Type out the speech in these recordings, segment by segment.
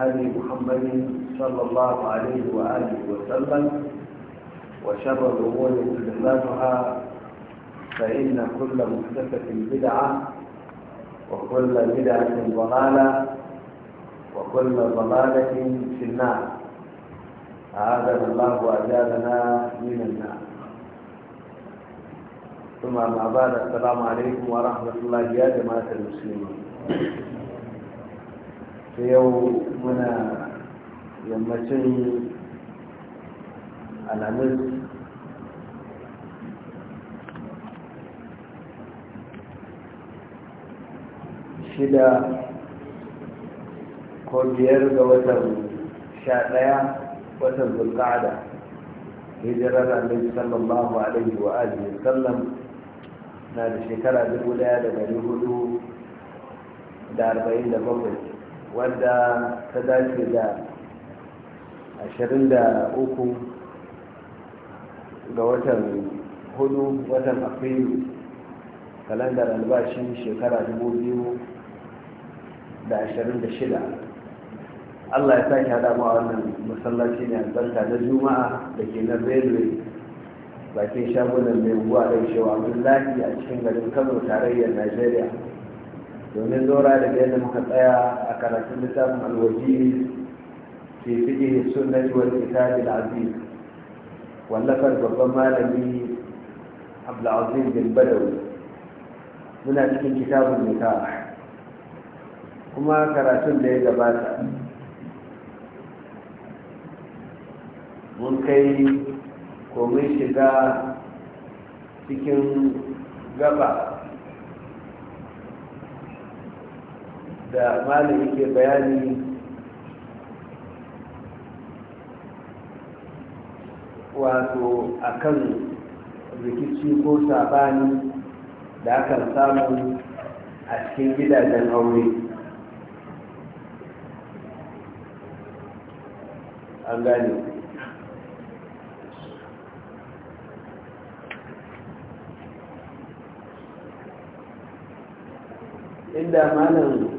هدي محمد صلى الله عليه وآله وسلم وشر الأمور محدثاتها فإن كل محدثة بدعة وكل بدعة ضلالة وكل ضلالة في النار أعاذنا الله وأجارنا من النار ثم ما بعد السلام عليكم ورحمة الله يا جماعة المسلمين ta yau muna yammacin alhamis shida ko biyar ga watan sha ɗaya watan zulƙada hijirar annabi sallallahu alaihi wa alihi sallam na da shekara dubu ɗaya da ɗari hudu da arba'in da bakwai wadda ta dace da 23 ga watan hudu watan afrilu kalandar albashin shekara 2026 allah ya sake hada ma wannan masallaci ne albarka na juma'a da ke na railway bakin shagunan mai guwa da shewa a cikin garin kano tarayyar najeriya domin zora da yadda muka tsaya a karatun littafin alwajiri ke fiye sunnati wal kitabil aziz wallafar babban malami abdulaziz bin badawi muna cikin kitabun nikah kuma karatun da ya gabata mun kai komai shiga cikin gaba da malam yake bayani wato akan rikici ko sabani da akan samu a cikin gidajen aure an gane inda malam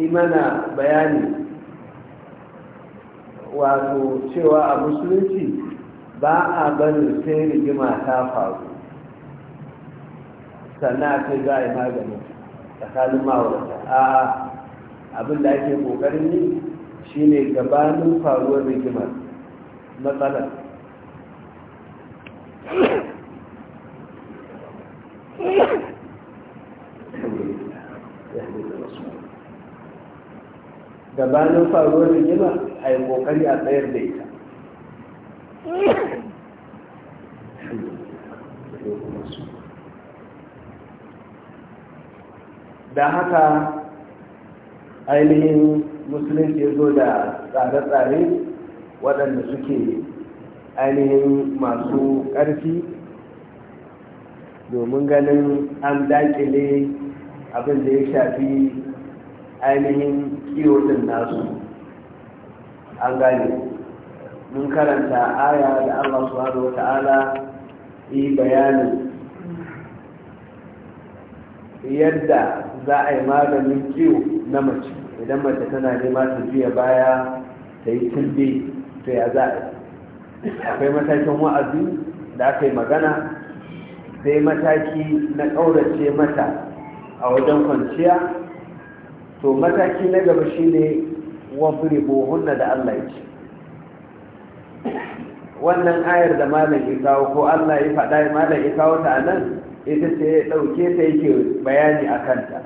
yi mana bayani wato cewa a musulunci ba a bari sai rigima ta faru sannan kai za a yi magani tsakanin ma'aurata a da ake kokarin yi shine gabanin faruwar rigimar matsalar gabanin faruwar rigima a yi kokari a tsayar da ita da haka ainihin musulunci ya zo da tsare-tsare waɗanda suke ainihin masu ƙarfi domin ganin an daƙile abin da ya shafi ainihin kiwo nasu an gane mun karanta aya da Allah subhanahu wata'ala yi bayanin yadda za a yi maganin kiwo na mace idan mace tana nema ta juya baya ta yi tilbe to ya za a akwai matakin wa'azi da aka yi magana sai mataki na ƙaurace mata a wajen kwanciya to mataki na gaba shi ne wafiribuhunna da Allah ya ce wannan ayar da malam ya kawo ko Allah ya faɗa malam ya kawo ta nan ita ce ya ɗauke ta yake bayani a kanta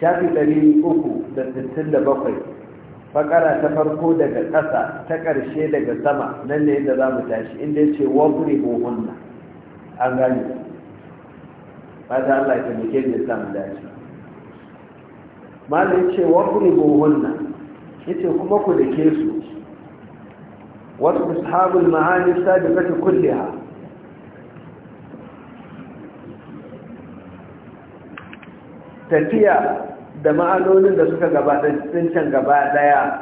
shafi ɗari uku da sittin da bakwai fakara ta farko daga ƙasa ta ƙarshe daga sama nan ne inda za mu tashi inda ya ce wafuri hunna an gani ba ta Allah ya taimake da mu dace malin ce wa kuribu hunna yace kuma ku da ke su wasu ashabul ma'ani sabiqati kulliha tafiya da ma'anonin da suka gabata can gaba daya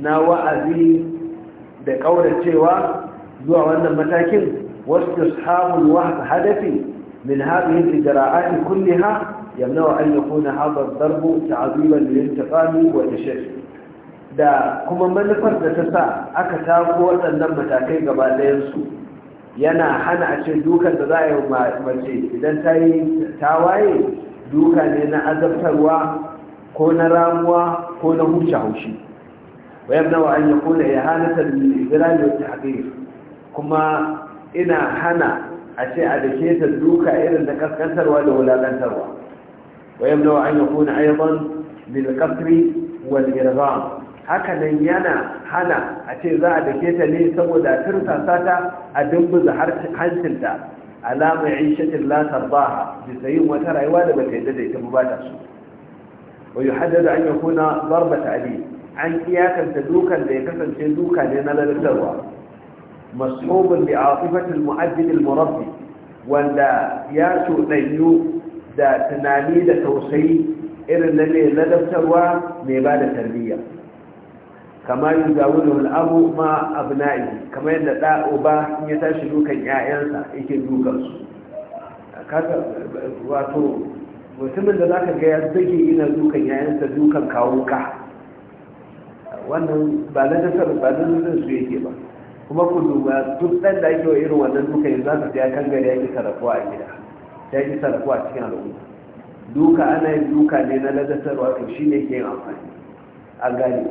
na wa'azi da kauracewa zuwa wannan matakin wasu ashabul wahd hadafi min hadhihi al-ijra'ati kulliha يمنع أن يكون هذا الضرب تعذيبا للانتقام والتشريع da kuma manufar da ta sa aka samu waɗannan matakai gaba ɗayansu yana hana a ce dukan da za a yi mace idan ta yi tawaye duka ne na azabtarwa ko na ramuwa ko na huce haushi wayar nawa an yi kuna ya halatar izirali kuma ina hana a ce a da ke ta duka irin da kaskantarwa da wulaƙantarwa ويمنع أن يكون أيضا بالكسر والإرغام هكذا ينا هنا أتي ذا لكيت لي سوى ذا ترسى ساتا أدنب زهر حنسل ذا على معيشة لا ترضاها بسيوم وترى يوالا بكيدة تبباتا ويحدد أن يكون ضربة عليه عن إياك تدوكا ليكسن تدوكا لنا للتروى مصحوب بعاطفة المؤدب المربي ولا ياسو نيو da tunani da tausayi irin na mai ladabtarwa mai ba da tarbiyya Kamar yi zawunin al'abu ma na'i kamar yadda ɗa uba in ya tashi dukan 'ya'yansa yake dukansu wato mutumin da za ka ga ya zage ina dukan 'ya'yansa dukan kawo ka wannan ba na dasar ba na nuna su yake ba kuma ku duba duk ɗan da ake wa irin wannan dukan yanzu za ka ya kan gari ya ke sarrafuwa a gida ta yi sarku a cikin al'umma duka ana yin duka ne na ladatarwa to shi ne ke yin amfani a gani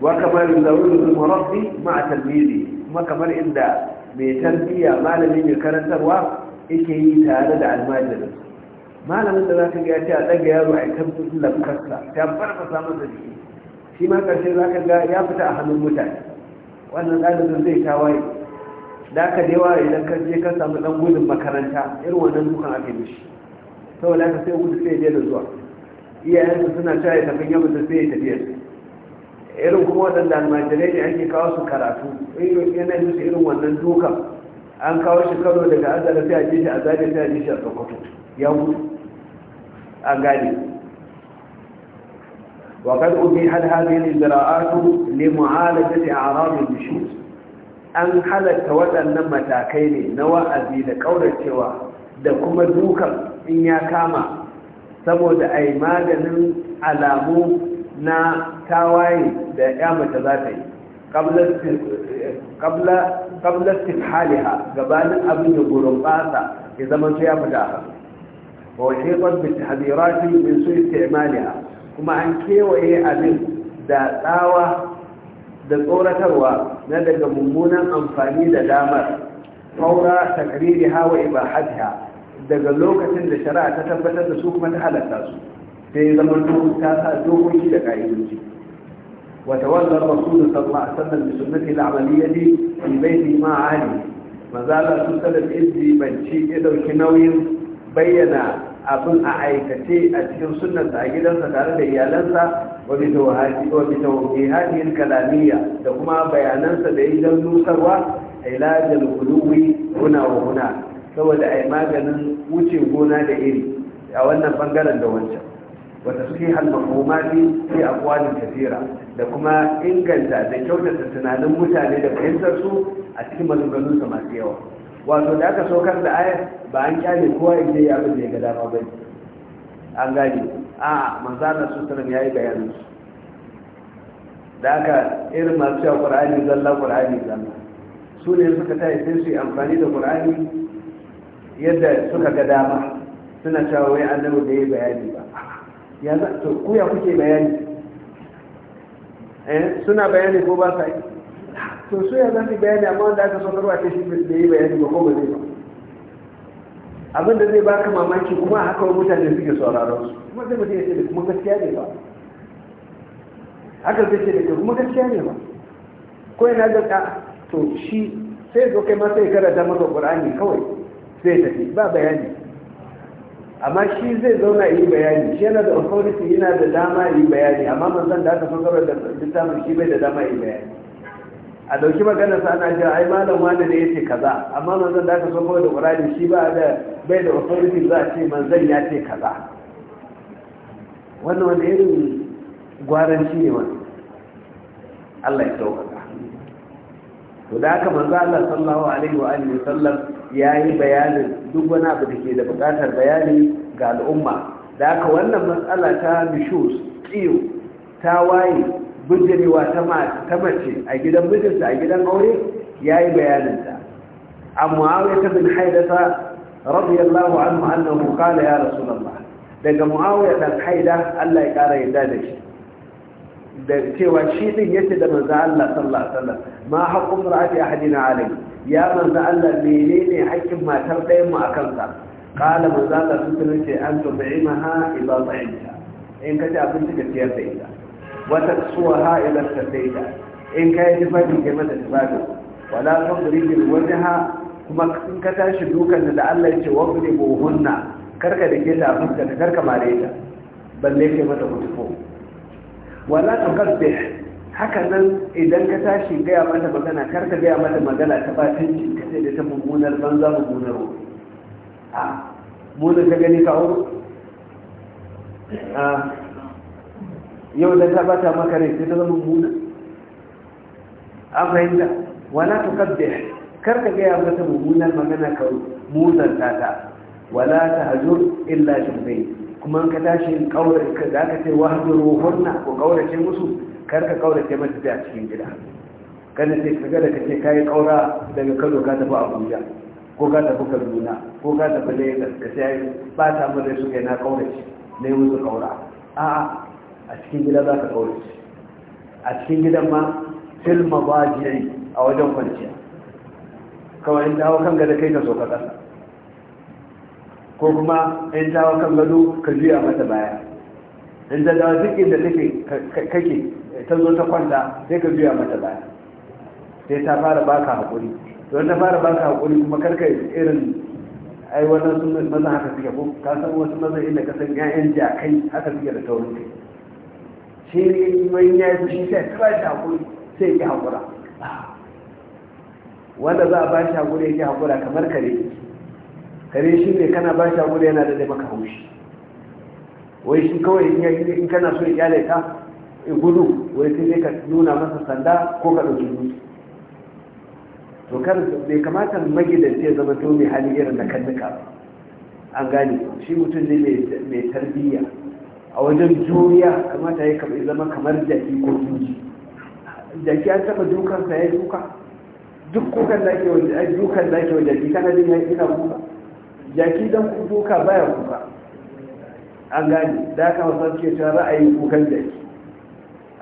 wa kamar zaune zumarabbi ma a talmiri kuma kamar inda mai tarbiyya malamin mai karantarwa yake yi tare da almajirin malamin da za ka ga ta daga yaro a kan lafkarsa ta farfasa masa jiki shi ma karshe za ka ga ya fita a hannun mutane wannan ɗalibin zai tawaye da aka da yawa idan ka je ka samu dan gudun makaranta irin wannan dukan ake mishi da aka sai gudu sai ya da zuwa iyayensu suna cewa ya tafi yamma da sai ya tafiya irin kuma waɗanda almajirai ne ake kawo su karatu yana yi su irin wannan dukan an kawo shi karo daga azara sai a je shi a zaɓe sai a je shi a sokoto ya mutu an gane وقد أبيحت هذه الإجراءات لمعالجة أعراض النشوز an halarta waɗannan matakai ne na wa'azi da ƙauracewa da kuma dukan in ya kama saboda a yi maganin alamu na tawaye da ya mace za ta yi ƙabla haliha gabanin abin da gurin basa ya zama su ya fita a wace ƙwabbi hazirati min su istimaliha kuma an kewaye abin da tsawa da tsoratarwa na daga mummunan amfani da damar faura ta kariri hawa ibahadha daga lokacin da shari'a ta tabbatar da su kuma ta halatta su sai zama su ta dokoki da ka'idoji wa tawallar rasulullah sallallahu alaihi wasallam bi sunnati al-amaliyati fi baiti ma'ani mazala su sallam izi banci ya dauki nauyin bayyana abin a aikace a cikin sunnar a gidansa tare da iyalansa wabita wabi hajiyar kalamiya da kuma bayanansa da idan nusarwa a ilajen kuluwi guna wa huna saboda a yi maganin wuce gona da iri a wannan bangaren da wancan wata suke halmakoma ne a kwanu tafira da kuma inganta da kyautata tunanin mutane da fahimtar su a cikin maganganun sa masu yawa wato da aka saukar da ayar ba an kyale kowa in ya abin da ya ga dama bai an gane a manzana su sanar ya yi bayanin su da aka irin masu cewa ƙwar'ani zalla ƙwar'ani zalla su ne suka ta sai su yi amfani da ƙwar'ani yadda suka ga dama suna cewa wai annabi da ya yi bayani ba ya za to ko ya kuke bayani eh suna bayani ko ba sa yi to su ya zafi bayani amma wanda aka sanarwa ce shi da ya bayani ba ko ba zai ba abin da zai baka mamaki kuma haka wa mutane suke sauraron su kuma zai mutum ya ce da kuma gaskiya ne ba haka zai ce da kuma gaskiya ne ba ko yana da ka to shi sai zo kai ma sai karanta masa qur'ani kawai sai tafi ba bayani amma shi zai zauna yi bayani shi yana da authority yana da dama yi bayani amma manzon da aka fasara da littafin shi bai da dama yi bayani a dauki magana sa ana jira ai malam wani ne yace kaza amma manzon da aka so kawai da qur'ani shi ba da bai da authority za a ce manzon ya ce kaza wannan wani irin gwaranci ne wani Allah ya sauƙaƙa to da aka manzo Allah sallallahu alaihi wa alihi sallam yayi bayanin duk wani abu da ke da buƙatar bayani ga al'umma da aka wannan matsala ta mishus tsiyo ta waye bijirewa ta mace a gidan mijinta a gidan aure ya yi bayaninta amma awai ta bin haidata radiyallahu anhu annahu qala ya rasu rasulullah daga muawiya haida Allah ya kara yadda da shi da cewa shi din yace da manzo Allah sallallahu alaihi wasallam ma haqqu ra'ati ahadina alayhi ya manzo Allah menene haƙƙin matar ɗayan mu akan sa qala manzo Allah sun ce an tubimaha ila ta'inta in ka kace abinci ka ciyar da ita wata suwa ha'ilar ta daida in ka yi tufafi kai mata tufafi wala wani ha, kuma in ka tashi dukan da Allah ya ce wa bi buhunna karka da ke ta fuska ta karka mare ta balle kai mata kutufo wala tukabbih haka nan idan ka tashi gaya mata magana karka gaya mata magana ta batanci ka sai da ta mummunar banza mummunar a ah, mu da ka gani ka wuri yau da ta bata maka rai sai ta zama muna an fahimta wala tu kabbih kar ka gaya mata mummunan magana ka muzanta ta wala ta hajur illa shirbai kuma ka tashi kaurace ka da ka ce wa hajuru hurna ko kaurace musu kar ka kaurace mata da cikin gida kada sai ka gada ka ce ka yi kaura daga kano ka tafi abuja ko ka tafi kaduna ko ka tafi lagos ka sai ba ta mu da su kai na kaurace ne yi musu kaura a'a a cikin gida za ka ce a cikin gidan ma filma jiya yi a wajen kwanciya kawai in dawo kan gada kai ka ka ƙasa ko kuma in dawo kan gado ka juya mata baya in da dawo duk inda take kake ta zo ta kwanta sai ka juya mata baya sai ta fara baka haƙuri don ta fara baka haƙuri kuma karka irin ai wannan sun maza haka suke ko ka san wasu maza inda ka san 'ya'yan jakai haka suke da taurin kai sai wani ya yi shi sai kawai shi hakuri sai ya hakura wanda za a ba shi hakuri ya hakura kamar kare kare shi ne kana ba shi hakuri yana da maka haushi wai shi kawai in yi in kana so ya kyale ka In gudu wai sai ne ka nuna masa sanda ko ka ɗauki gudu to kar bai kamata magidanci ya zama to mai hali irin da na kannuka an gane shi mutum ne mai tarbiyya a wajen juriya kamata ya zama kamar jaki ko tuji jaki an taba dukansa ya duka duk kukan da ke wajen dukan da ke wajen jaki kana jin ya ina kuka jaki don kuka baya kuka an gane da aka hausa ke cewa ra'ayin kukan jaki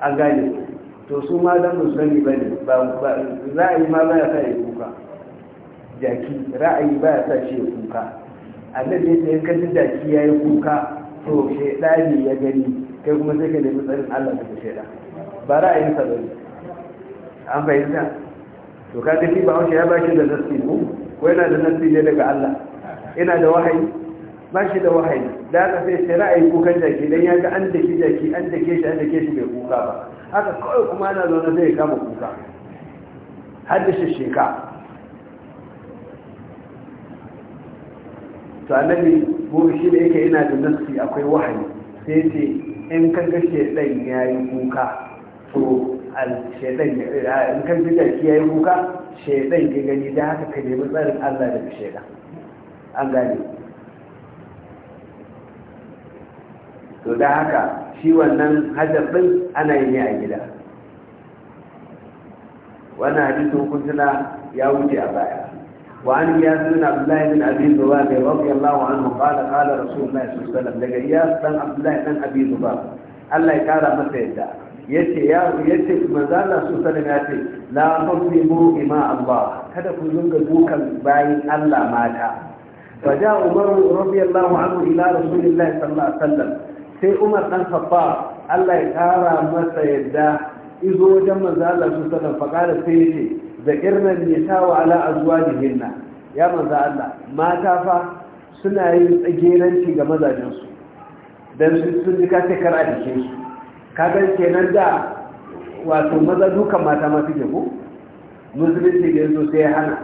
an gane to su ma don mu sani ba ne ra'ayi ma baya sa ya kuka jaki ra'ayi baya sa shi ya kuka annabi ya ce in ka ji jaki ya yi kuka to shaidani ya gani kai kuma sai ka nemi tsarin Allah daga shaida ba ra'ayin sa bane an fahimta to kaga shi ba hausa ya bashi da nasi ko ko yana da nasi ne daga Allah ina da wahayi ba shi da wahayi da aka sai sai ra'ayi kukan jaki dan ya ga an da shi jaki an da ke shi an da ke shi bai kuka ba haka kawai kuma ana zaune sai ya kama kuka har da shisheka to annabi mu shi da yake yana da nassi akwai wahayi sai ce in kan ga shedan yi kuka to al shedan in kan ga shi ya yi kuka shedan ya gani da haka ka nemi tsarin Allah da shedan an gane to da haka shi wannan hajar ana yi ne a gida wannan hadisin kuntuna ya wuce a baya وعن إياس بن عبد الله بن أبي ذباب رضي الله عنه قال قال رسول الله صلى الله عليه وسلم لك إياس بن عبد الله بن أبي ذباب الله يقال متى yace ya yace manzala su sallam ya ce la tuslimu ima Allah kada ku dinga dukan bayin Allah mata fa ja Umar radiyallahu anhu ila Rasulillahi sallallahu alaihi wasallam sai Umar dan Khattab Allah ya kara masa yadda izo wajen manzala su sallam fa kada sai yace da irnan nisa wa ala azwajihinna ya manzo Allah mata fa suna yin tsageranci ga mazajensu don su sun ji kace kar a jikin su kagan kenan da wato maza dukan mata ma suke ko musulunci da yanzu sai hana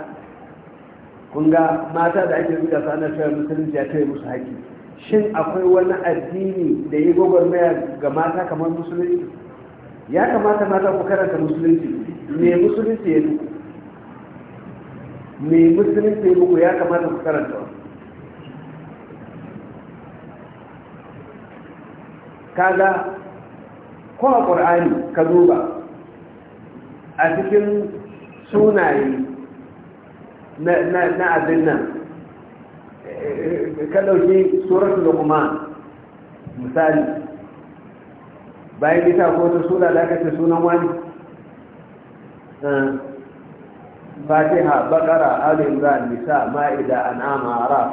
kun ga mata da ake zuwa su ana cewa musulunci ya tare musu haƙƙi shin akwai wani addini da yi gwagwarmaya ga mata kamar musulunci ya kamata mata ku karanta musulunci me musulunci ya muku me musulunci ya muku ya kamata ku karanta kaga ko a ƙur'ani ka duba a cikin sunaye na abin nan eh, ka ɗauki tsoron kuma misali bayan ita ko ta suna da aka ce sunan wani fatiha bakara al nisa ma'ida an'ama araf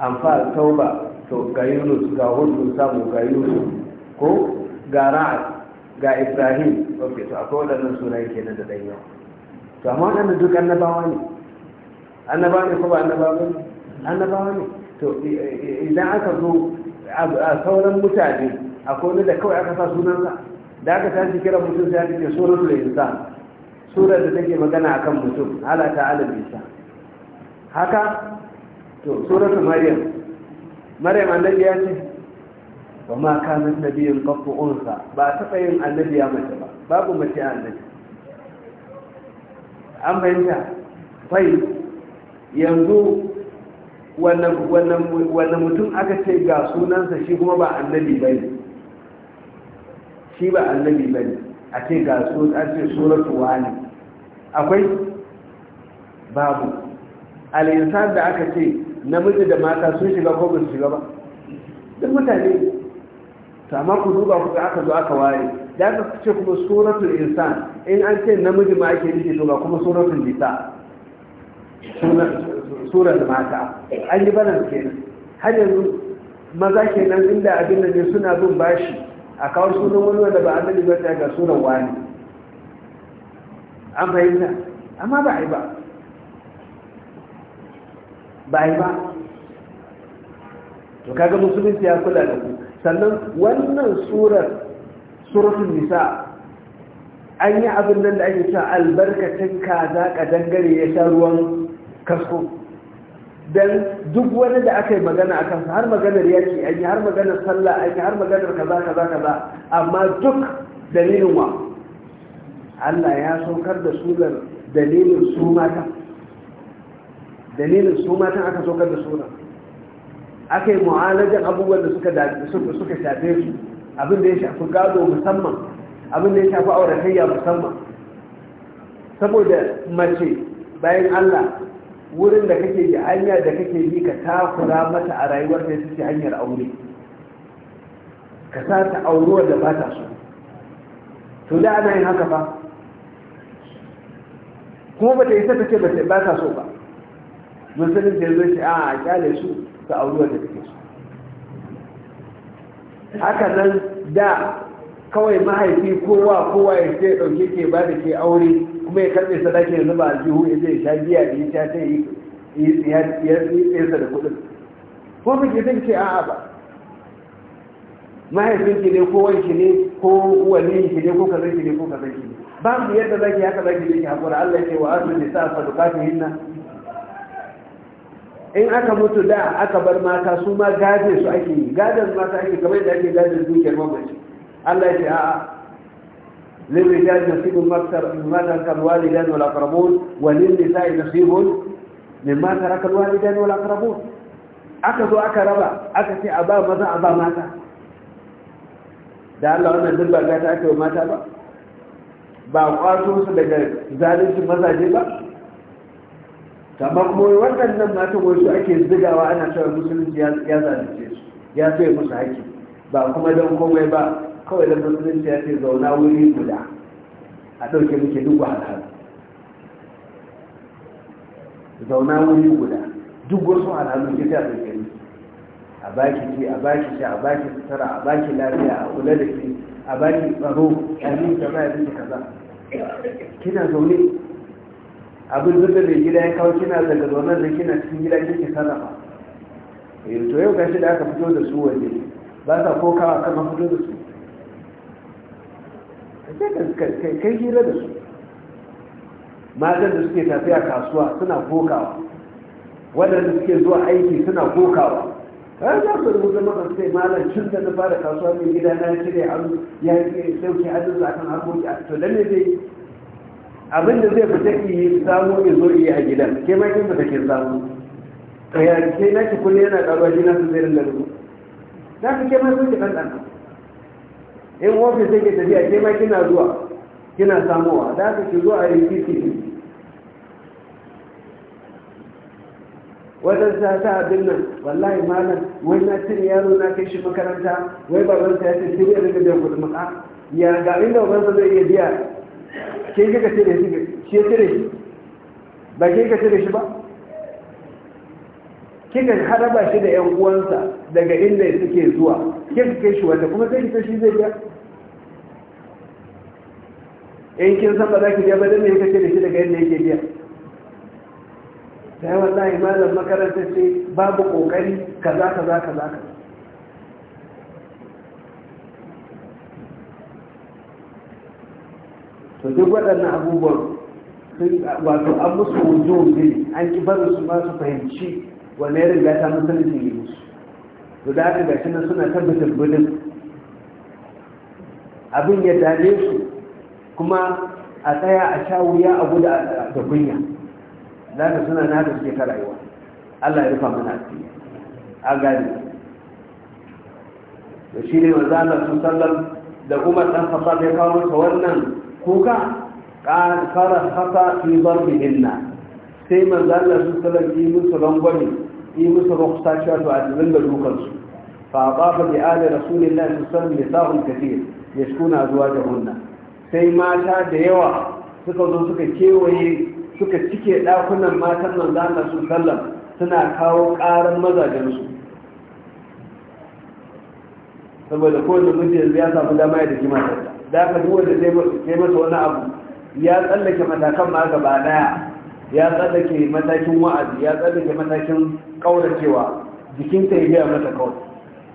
anfal tauba to ga yunus ga hudu samu ga yunus ko ga ra'ad ga ibrahim ok to akwai waɗannan sunayen nan da ɗan to amma waɗanda duk annabawa ne annabawa ne ko ba annabawa ne annabawa ne to idan aka zo a sauran mutane akwai wani da kawai aka sa sunansa da aka tashi kira mutum sai aka ce sunan da insan surar da take magana a kan mutum ala ta'ala bisa haka to suratu maryam maryam annabi ya ce ba ma kana nabiyin qattu unsa ba taɓa yin annabi ya mace ba babu mace annabi an bayyana kwai yanzu wannan mutum aka ce ga sunansa shi kuma ba annabi ne shi ba annabi ne a ce ga su an ce suratu wani akwai babu al'insan da aka ce namiji da mata sun shiga ko ba su shiga ba duk mutane to amma ku duba ku aka zo aka waye. da aka ce kuma suratul insan in an ce namiji ma ake nufi to ga kuma suratul nisa surar mata an yi balance kenan har yanzu maza kenan inda abin da ne suna bin bashi a kawo sunan wani wanda ba annabi ba ta ga sunan wani an fahimta amma ba a yi ba ba a yi ba to kaga musulunci ya kula da ku sannan wannan surar surafin nisa an yi abin nan da ake sa albarkacin kaza ka dangare ya sha ruwan kasko dan duk wani da aka yi magana a kansa har maganar yaki an yi har maganar sallah an yi har maganar kaza kaza kaza amma duk dalilin wa Allah ya saukar da sunan dalilin su mata dalilin su mata aka saukar da sunan aka yi mu'alajin abubuwan da suka shafe su abin da ya shafi gado musamman abin da ya shafi auratayya musamman saboda mace bayan Allah wurin da kake bi hanyar da kake bi ka takura mata a rayuwar da suke hanyar aure ka sa ta auruwa da ba ta so to da ana yin haka fa kuma ba ta yi ta ce ba ta so ba musulun da zai ce a kyale su ta auruwa da take so haka nan da kawai mahaifi kowa kowa ya ce dauke ke ba da ke aure kuma ya karbe sadaki da zuba aljihu ya zai sha biya da ya ta yi tsayarsa da kudin ko kake zan ce a'a ba mahaifinki ne ko wanki ne ko waliyinki ne ko ki ne ko ki ne Ba mu yadda zaki haka zaki ne ki hakura Allah ya ce wa asu ne sa kafin hinna in aka mutu da aka bar mata su ma gaje su ake yi gadon mata ake kamar yadda ake gadon dukiyar mamaci Allah ya ce a'a للرجال نصيب مما ترك الوالدان والاقربون وللنساء نصيب مما ترك الوالدان والاقربون أكدوا أكربا أكسي ابا ماذا ابا ماذا da Allah wannan dubba ga ta ake mata ba ba kwato su daga zalunci mazaje ba kamar kuma waɗannan matan wasu ake zigawa ana cewa musulunci ya zalunce su ya tsaye musu haƙƙi ba kuma don komai ba kawai da musulunci ya ce zauna wuri guda a ɗauke muke duk wahala zauna wuri guda duk wasu alhalun ke ta ɗauke ne a baki ce a baki ce a baki sutura a baki lafiya a kula da ke a baki tsaro yi da ba ya zuke kaza kina zaune abin zuba mai gida ya kawo kina daga zaunar da kina cikin gida kike sarrafa eh, to yau gashi da aka fito da su waje ba sa kokawa kama fito da su kai hira da su matan da suke tafiya kasuwa suna kokawa waɗanda suke zuwa aiki suna kokawa har za su rubuta maka sai malam cin da na fara kasuwa mai gida na cire hannu ya ke sauke a sa kan harkoki to dan ne zai abin da zai fita ki samu ya zo iya a gidan ke ma kin fita kin samu to ke na ki kullum yana karuwa jina su zai rinda rubu za ke ma sun ki ɗan ɗan in ofis yake tafiya ke ma kina zuwa kina samowa da haka ki zuwa a yi wajen sa ta abin nan wallahi malam wai na cin yaro na kai shi makaranta wai baban sa ya ce sai ya rika biyan maka ya ga inda baban sa zai iya biya ke kika cire shi ke cire shi ba ke kika cire shi ba kika haraba shi da yan uwansa daga inda suke zuwa kika kai shi wata kuma sai kika shi zai biya in kin san ba za ki biya ba dan ne kake da shi daga inda yake biya sai wallahi malam makaranta ce babu kokari kaza kaza kaza to duk waɗannan abubuwan wato an musu wujo ne an ki barin su ma su fahimci wannan ya riga ta musulunci ne musu to da aka gashi nan suna tabbatar gudun. abin ya dame su kuma a tsaya a sha wuya a guda da kunya za ka suna na suke ta rayuwa allah ya rufa mana asiri a gani da shi ne wanzu Allah su sallam da kuma ɗan fasa ya kawo masa wannan kuka qad fara khata fi darbihinna sai manzo Allah su sallam yi musu rangwame yi musu rukhsa cewa to a dinga da dukansu. fa ba bi ali rasulillahi sallallahu alaihi wasallam zuwa yashkuna azwajahunna sai mata da yawa suka zo suka kewaye suka cike dakunan matan nan da Allah su sallam suna kawo karan mazajen su saboda kowane mutum ya samu dama ya daki matar da ka duk wanda zai masa wani abu ya tsallake matakan ma gaba daya ya tsallake matakin wa'azi ya tsallake matakin ƙauracewa. jikinta ya biya mata kawai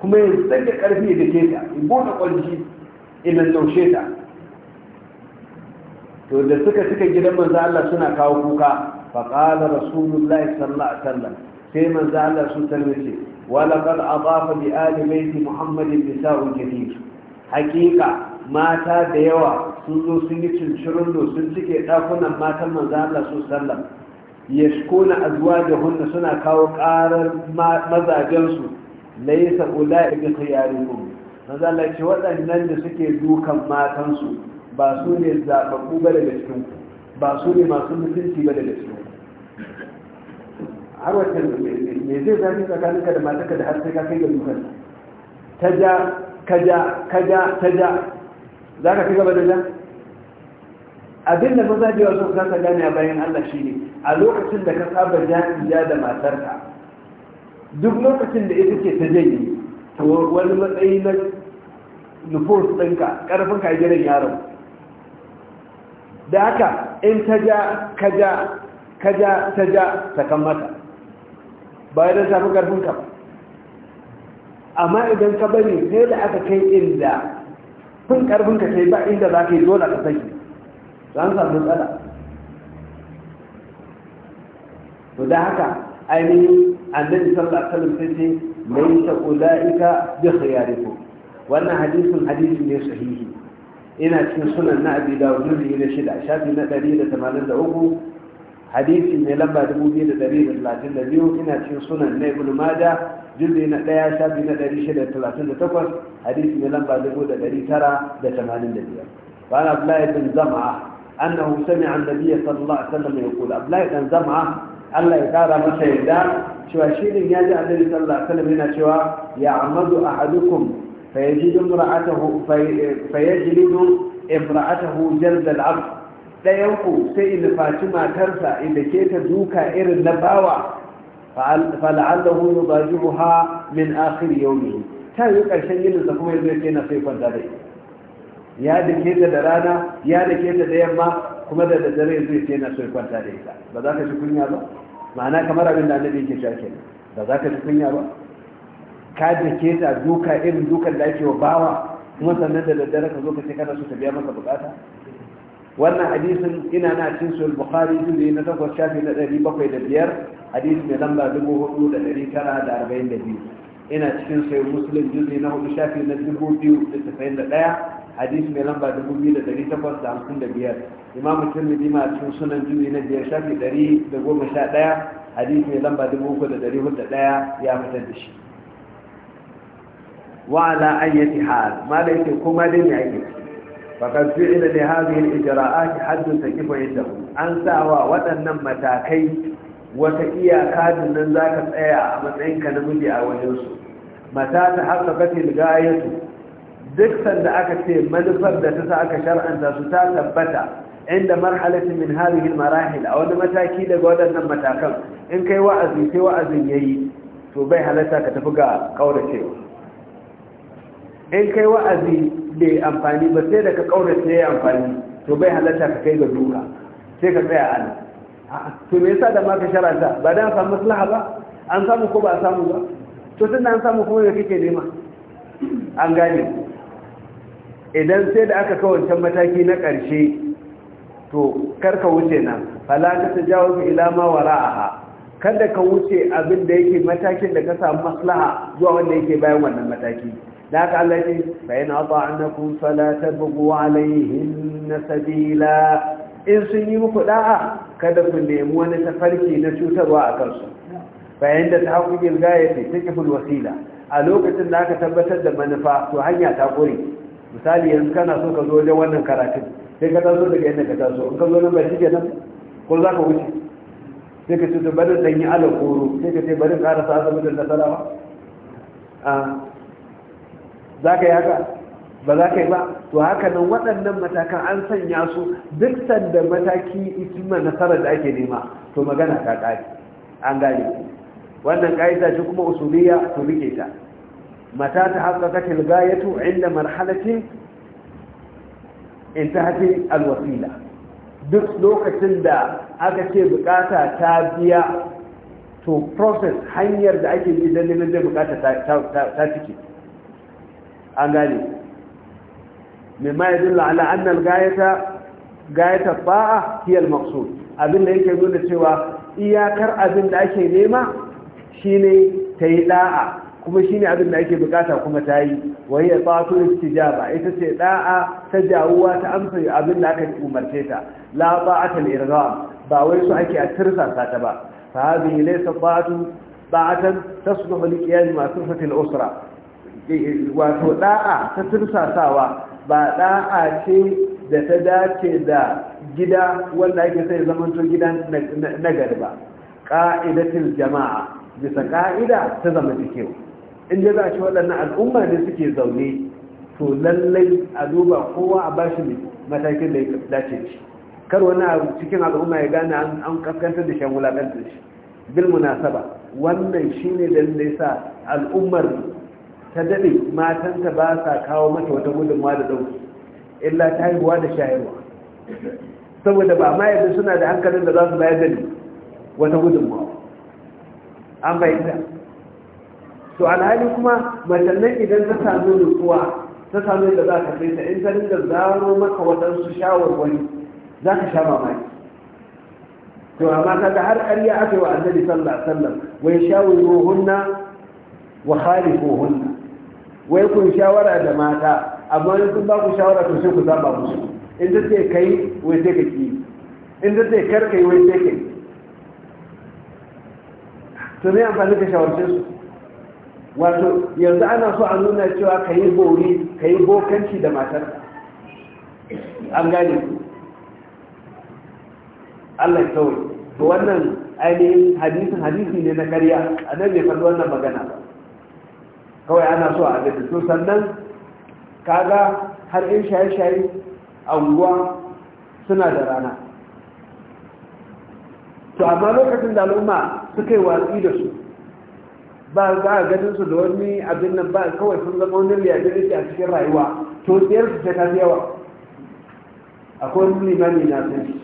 kuma ya tsage ƙarfi da ke ta in bude kwanci in taushe ta to da suka cika gidan manzo Allah suna kawo kuka fa qala rasulullahi sallallahu alaihi wasallam sai manzo Allah sun tarbice wa laqad adafa bi ali baiti muhammadin bisa'un kathir hakika mata da yawa sun zo sun yi cincirin do sun cike ɗakunan matan manzo Allah su sallam ya na azuwa da hunna suna kawo ƙarar mazajensu laisa ula ibi khiyarukum manzo Allah ce waɗannan da suke dukan matansu ba su ne zaɓaɓɓu ba daga cikin ku ba su ne masu mutunci ba daga cikin ku har wacce me zai zafi tsakaninka da matanka da har sai ka kai ga dukan ta ja ka ja ka ja ta ja za ka fi gaba da jan abin da maza biyar sun kasa gane bayan Allah shi ne a lokacin da ka saba ja da matarka duk lokacin da ita ce ta janye to wani matsayi na nufus ɗinka ƙarfinka a gidan yaron da haka in ta ja ka ja ka ja ta ja ta kan mata bayan ta fi ƙarfinka ba amma idan ka bari sai da aka kai inda sun karfin ka ba inda za ka yi dole ka saki za mu samu tsada. to da haka ainihin annabi sallallahu alaihi wasallam sai ce laysa ulaika bi ko wannan hadisin hadisi ne sahihi ina cikin sunan na abi dawud juzuyi na shida shafi na 183 hadisi mai lamba biyu, ina cikin sunan na ibnu maja jirgin na ɗaya sha biyu na ɗari shida talatin da takwas hadisi mai lamba dubu da ɗari tara da tamanin da biyar ba na abulai bin zama an na an da biya sallallahu alaihi wasallam ya kula bin zama Allah ya kara masa yadda cewa shirin ya ji annabi sallallahu alaihi wasallam yana cewa ya amadu ahadukum fayajidu imra'atahu fayajidu imra'atahu jaldal ɗayan ku sai in faci matarsa inda ke duka irin na فلعله يضاجعها من آخر يومه تاي ƙarshen yinin sa kuma yazo yana sai kwanta dai ya dake ta da rana ya dake ta da yamma kuma da dare yazo yana sai kwanta dai ba za ka ji ba ma'ana kamar abin da annabi yake cewa kenan ba za ka ji ba ka dake ta duka irin dukan da ake wa bawa kuma sannan da daddare ka zo ka ce kana so ta biya maka bukata wannan hadisin ina na cin sul bukhari juzu na takwas shafi na ɗari bakwai da biyar hadisi mai lamba dubu hudu da ɗari tara da arba'in da biyu ina cikin sai muslim juzu na hudu shafi na dubu biyu da tasa'in da ɗaya hadisi mai lamba dubu biyu da ɗari takwas da hamsin da biyar imamu tirmidhi ma cikin sunan juzu na biyar shafi ɗari da goma sha ɗaya hadisi mai lamba dubu uku da ɗari hudu da ɗaya ya fitar da shi wa ala ayyati hal ma da yake kuma dai ne ake faƙar fi'ila ne hazin ijira'ati haddun ta kifa an sawa waɗannan matakai wata iyaka nan za ka tsaya a matsayinka namiji a wajensu mata ta haka katil gayatu duk sanda aka ce manufar da ta sa aka shar'anta su ta tabbata inda marhalatin min hadhihi marahil a wani mataki daga waɗannan matakan in kai wa'azi sai wa'azin yayi to bai halatta ka tafi ga kauracewa in kai wa'azi bai amfani ba sai da ka kaura sai ya amfani to bai halatta ka kai ga duka sai ka tsaya ana to me yasa da ma ka sharanta ba dan samu maslaha ba an samu ko ba a samu ba to tunda an samu kuma me kake nema an gane idan sai da aka kawancan mataki na ƙarshe to kar ka wuce nan fala ta jawo ka ilama wara'aha kada ka wuce abin da yake matakin da ka samu maslaha zuwa wanda yake bayan wannan mataki da haka Allah ce bayan ata'anakum fala tabghu alaihin sabila in sun yi muku da'a kada ku nemi wani tafarki na cutarwa a kansu bayan da ta haku gilgaya ce ta kifin wasila a lokacin da aka tabbatar da manufa to hanya ta kore misali yanzu kana so ka zo wajen wannan karatun sai ka taso daga yadda ka taso in ka zo nan ba shi kenan ko za ka wuce sai ka ce to bari dan yi ala sai ka ce bari ƙara sa azumin da salama ah. za ka yi haka ba za ka yi ba to haka nan waɗannan matakan an sanya su duk sanda mataki isma nasarar da ake nema to magana ta ƙari an gane wannan ƙa'ida ce kuma usuliya to rike ta mata ta haƙaƙa tilgayatu inda marhalatin hafi alwasila duk lokacin da aka ce bukata ta biya to process hanyar da ake yi don neman bukata ta cike an gane mimma ya dilla ala annal gayata gayata ba'a hiya al-maqsud abin da yake nuna cewa iyakar abin da ake nema shine tayi da'a kuma shine abin da ake bukata kuma tayi wa hiya ta'atu istijaba ita ce da'a ta jawuwa ta amsa abin da aka umarce ta la ta'ata al-irgham ba wai su ake a tirsasa ta ba fa hadhihi laysa ta'atu ta'atan liqiyam ma'sufati al-usra wato da'a ta tursasawa ba da'a ce da ta dace da gida wanda ake sai zamanto gidan gari ba ƙa'idatin jama'a bisa ƙa'ida ta zama cikewa in dai za a ci waɗannan al'umma ne suke zaune to lallai a duba kowa a bashi matakin da ya dace shi kar wani a cikin al'umma ya gane an kaskantar da shan wulaƙantar shi bil munasaba wannan shine dalilai sa al'ummar ta daɗe matanta ba sa kawo mata wata gudunmawa da ɗauki illa ta haihuwa da shayarwa saboda ba ma yadda suna da hankalin da za su bayar da ni wata gudunmawa an bayyana to alhali kuma macen nan idan ta samu nutsuwa ta samu yadda za ka sai ta in ta dinga zaro maka waɗansu shawarwari za ka sha mamaki to amma kaga har ƙarya aka yi wa annabi sallallahu alaihi wasallam wai shawiruhunna wa khalifuhunna wai kun shawara da mata amma in sun ba ku shawara to sai ku zaba musu in ta ce kai wai sai ka ki in ta ce kar kai wai sai kai to me amfani ka shawarce su wato yanzu ana so a nuna cewa ka yi bori ka yi bokanci da matar an gane ku Allah kawai to wannan ainihin hadisin hadisi ne na karya nan ya faɗi wannan magana ba kawai ana so a daga to sannan kaga har in shaye-shaye a unguwa suna da rana to amma lokacin da al'umma suka yi watsi da su ba za a gajin su da wani abin nan ba kawai sun zama wani ke a cikin rayuwa to tsayar su ta yawa akwai wani limani na sun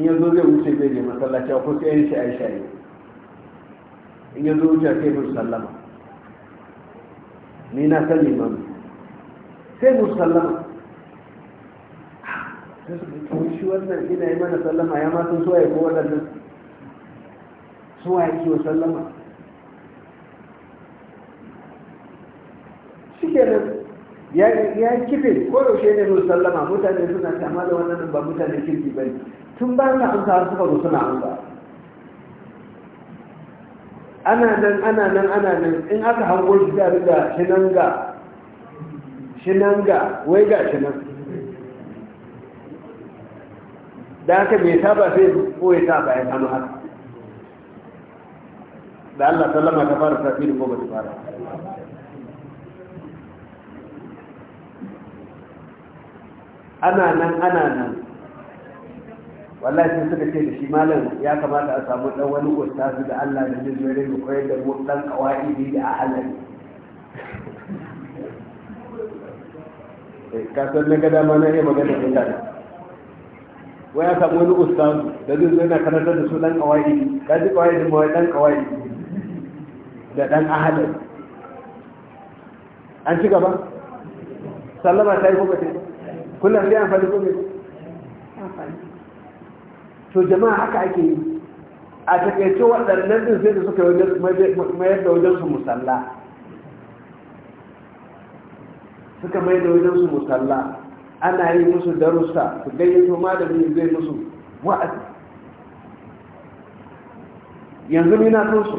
in yanzu zai wuce zai je masallaci ko sai yan shaye shaye in yanzu wuce a mun sallama ni na san liman sai mun sallama sai su kuma shi wannan ina yi mana sallama ya ma sun suwaye ko waɗannan suwaye kiwo sallama shi nan. ya kife ko yaushe ne nuna sallama mutane suna kama da wannan ba mutane kirki ba ne tun ba na amsa suka zo suna ba ana nan ana nan ana nan in aka hango shi da riga shinanga shinanga wai ga shinan da aka mai saba sai ko ya saba ya samu haka da Allah sallama ta fara tafi da ko ta fara ana nan ana nan wallahi sai suka ce da shi malam ya kamata a samu dan wani ustazu da Allah da zai zuwa da koyar da mu dan kawaidi da eh ka san ne kada ma na iya magana da mutane wai ya samu wani ustazu da zai zuwa yana da su dan kawaidi ka ji kawaidi mu dan kawaidi da dan ahalin. an ci gaba sallama ta yi kuma ce kullum sai amfani ko mai amfani to jama'a haka ake yi a takaice waɗannan din sai da suka mayar da wajen su musalla suka mayar da wajen su musalla ana yi musu darussa su gayyato malami zai musu wa'azi yanzu ni na so su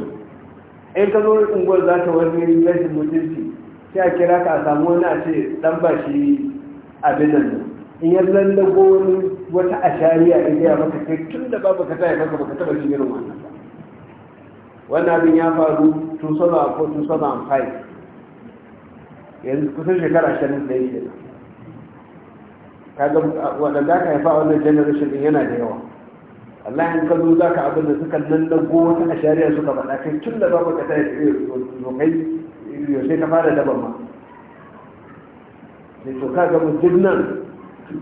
in ka zo unguwar za ta wani rashin mutunci sai a kira ka a samu wani a ce dan ba shi abinan nan in ya lallago wani wata ashariya in ya maka kai tun da babu ka taya kanka baka taba jin wannan ba wannan abin ya faru tun sama ko tun sama amfani yanzu kusan shekara shanin da yake kaga wadanda ka haifa wannan generation din yana da yawa Allah in ka zo za ka abin da suka lallago wata ashariya suka faɗa kai tun da babu ka taya kai yau sai ka fara daban ma sai to kaga mu duk nan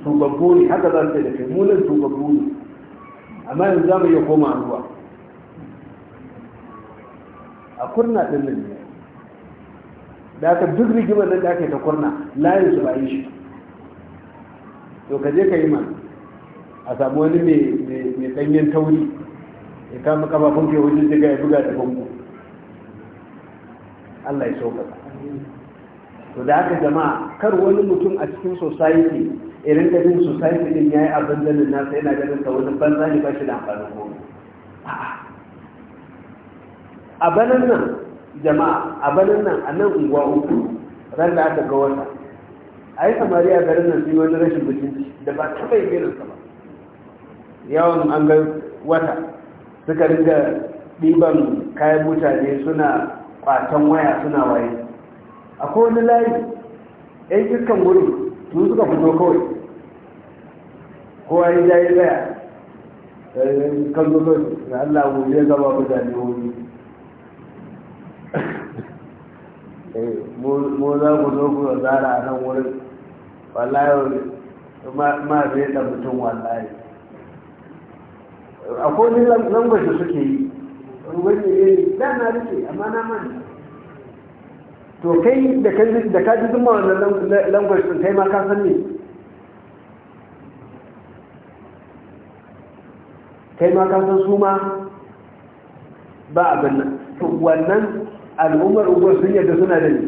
tubabbu ne haka za su da kai mu nan tubabbu ne amma yanzu za mu iya koma ruwa a kurna din nan ne da aka duk rigimar nan da ake ta kurna layin su ba yi shi to ka je ka yi mana a samu wani mai ɗanyen tauri ya kama kafafun ke wajen jiga ya buga da bambu Allah ya sauka to da haka jama'a kar wani mutum a cikin society irin da din society din yayi abin da sai yana ganin sa wani banza ne ba shi da amfani ko a banan nan jama'a a banan nan a nan unguwa uku ran da aka ga wata ai samari a garin nan sun wani rashin mutunci da ba ta bai irin sa ba yawan an ga wata suka ringa ɗiban kayan mutane suna kwatan waya suna waye akwai wani layi yan iskan wurin su suka fito kawai kowa ya ja ya tsaya kan zo na Allah mu ya gaba mutane wuri eh, mu za ku zo ku zara a nan wurin wallahi ma zai da mutum wallahi akwai wani langwashi suke yi wani ne eh, da na rike amma na mani to kai da kai da kaji duk ma wannan language din kai ma ka san ne kai ma ka san su ma ba abin nan to wannan al'ummar ugwar sun yadda suna da ni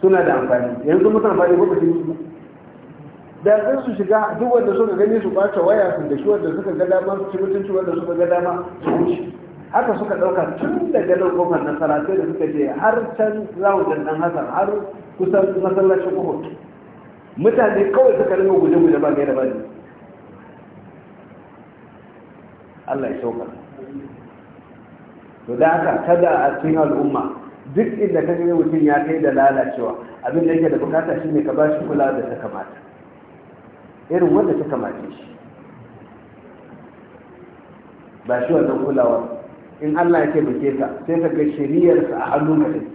suna da amfani yanzu mutan amfani ko kashi su da sun su shiga duk wanda suka gani su kwace waya su da shi wanda suka ga dama su ci mutunci wanda suka ga dama su wuce haka suka ɗauka tun daga nan kofar nasara sai da suka je har can raudin ɗan hasar har kusan masallacin kofar mutane kawai suka rinka guje-guje ba gaida ba ne Allah ya shauka to da haka kada a cikin al'umma duk inda ka gani mutum ya kai da lalacewa abin da yake da bukata shine ka ba shi kula da ta kamata irin wanda ta kamata shi ba shi wannan kulawar in Allah ya taimake ka sai ka ga shari'arsa a hannun ka take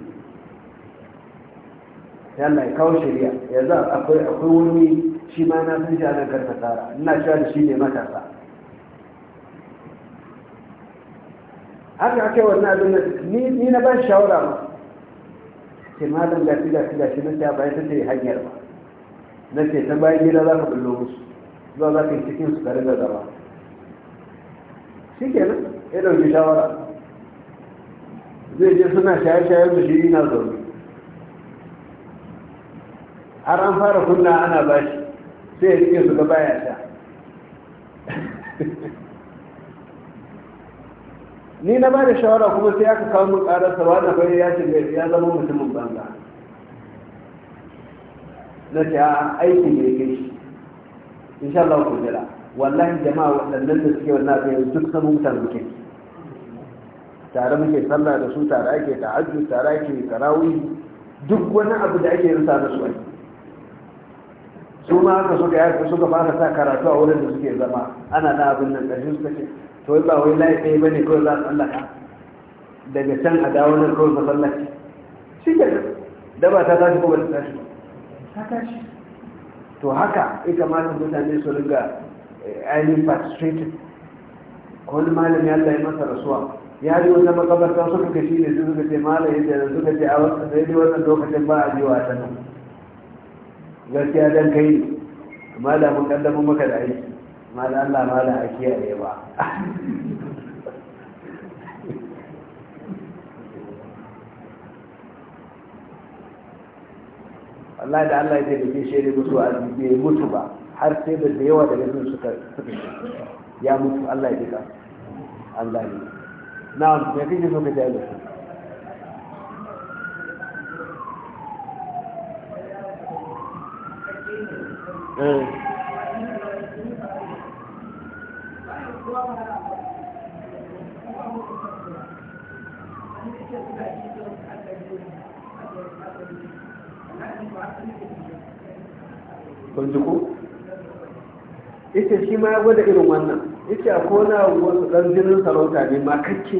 Yalla ya kawo shari'a yanzu akwai akwai wani shi ma na san shi anan karka tsara ina cewa da shi ne matasa haka ake wannan abin nan ni na ban shawara ba sai malam gashi gashi gashi nan ta bayan ta ce hanyar ba na ce ta bayan gida za ka bullo musu zuwa za ka yi cikin su tare da zama shi kenan ya ɗauki shawara zai je suna shaye-shayen da shi na zaune har an fara kunna ana bashi sai ya rike su ga baya sha ni na ba da shawara kuma sai aka kawo min ƙararsa wanda bai ya mai ya zama mutumin banza na ce a aikin mai ya kai shi Allah ku jira wallahi jama'a waɗannan da suke wannan abin duk sanin mutane muke tare muke sallah da su tare ake tahajjud tare ake karawi duk wani abu da ake yin sa da su ake su ma haka suka yi suka fara sa karatu a wurin da suke zama ana da abin nan ƙarshen suka ce to ba wai layi ɗaya bane kawai za su tsallaka daga can a dawo nan kawai su tsallake shi ke da ba ta tashi ko ba ta tashi ta tashi to haka ya kamata mutane su riga ainihin participated ko wani malami ya ya masa rasuwa ya yi wata makabarta suka ga shi ne su suka ce malam yadda da suka ce a wasu sai dai wannan lokacin ba a jiwa ta nan gaskiya don kai ne amma da mun kaddama maka da aiki da Allah malam a kiyaye ba Allah da Allah ya taimake shi ne mutu a bai mutu ba har sai da yawa daga cikin suka suka ya mutu Allah ya dika Allah ne na'am me kike so ka ji Eh. kun ji ko ita shi ma ya gwada irin wannan Ita a kona wasu dan jinin sarauta ne makakke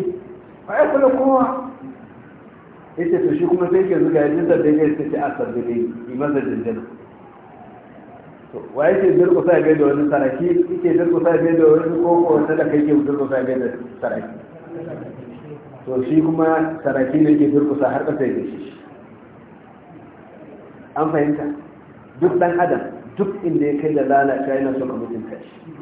ba ya kula kowa ita to shi kuma sai ke zuga ya jinsa da ya sai a sabbi ne yi masa jinjina to wa yake sa ya da wani saraki yake sa ya da wani koko wata da kai ke sa ya da saraki to shi kuma saraki ne ke sa har ƙasa ya shi an fahimta duk dan adam duk inda ya kai da lalata yana so ka mutunta shi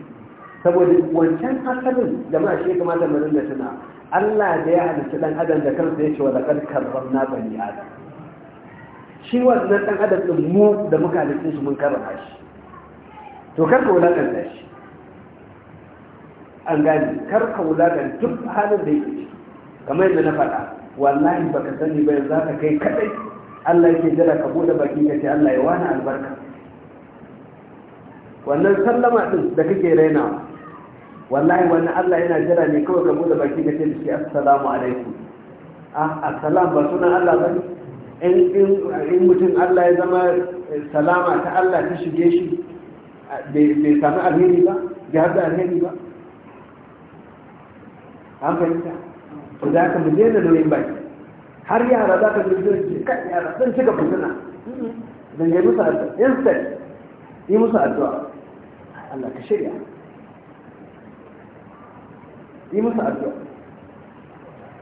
saboda wancan asalin da ma shi kamata mu rinda tuna Allah da ya halitta dan adam da kansa ya ce wa laqad karramna bani adam shi wannan dan adam din mu da muka halitta shi mun karrama shi to karka wulakanta shi an gani karka wulakanta duk halin da yake ciki kamar yadda na faɗa wallahi baka sani ba yanzu ka kai kadai Allah yake jira ka bude baki ka ce Allah ya wani albarka wannan sallama din da kake raina wallahi wannan Allah yana jira ne kawai ka bude baki ka ce da shi assalamu alaikum ah assalam ba sunan Allah ba in in mutum Allah ya zama eh, salama ta Allah ta shige shi ah, bai sami alheri ba bai haɗa alheri ba an fahimta to da ka mu da nauyin baki har yara za ka jirgin ce kan yara sun shiga fitina zan yi musu addu'a instant yi musu addu'a الله كشريعة دي مسألة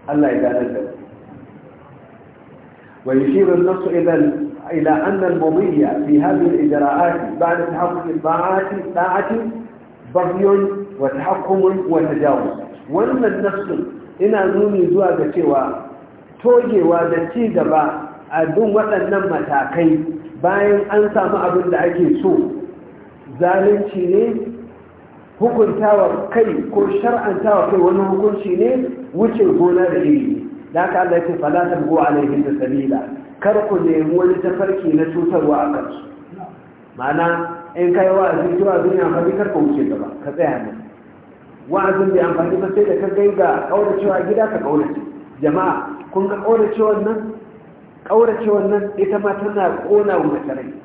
الله إذا نزل ويشير النص إذا إلى أن المضي في هذه الإجراءات بعد تحقق الطاعات ساعة بغي وتحكم وتجاوز ولما النفس إن أظن زواج سوى توجي وذاتي جبا أدوم وأنما تاكي باين أنسى ما أبو الله عليه سوء zalunci ne hukuntawa kai ko shar'antawa kai wani hukunci ne wuce gona da iri da aka Allah ya ce fala tabgu alaihim da sabila kar ku nemi wani tafarki na cutarwa a kansu ma'ana in kai wa'azi zuwa wa'azi ne amfani kar ka wuce gaba ka tsaya ne wa'azin bai amfani ba sai da ka gai ga kauracewa gida ka kaurace jama'a kun ga kauracewa nan kauracewa nan ita ma tana kona wa mutane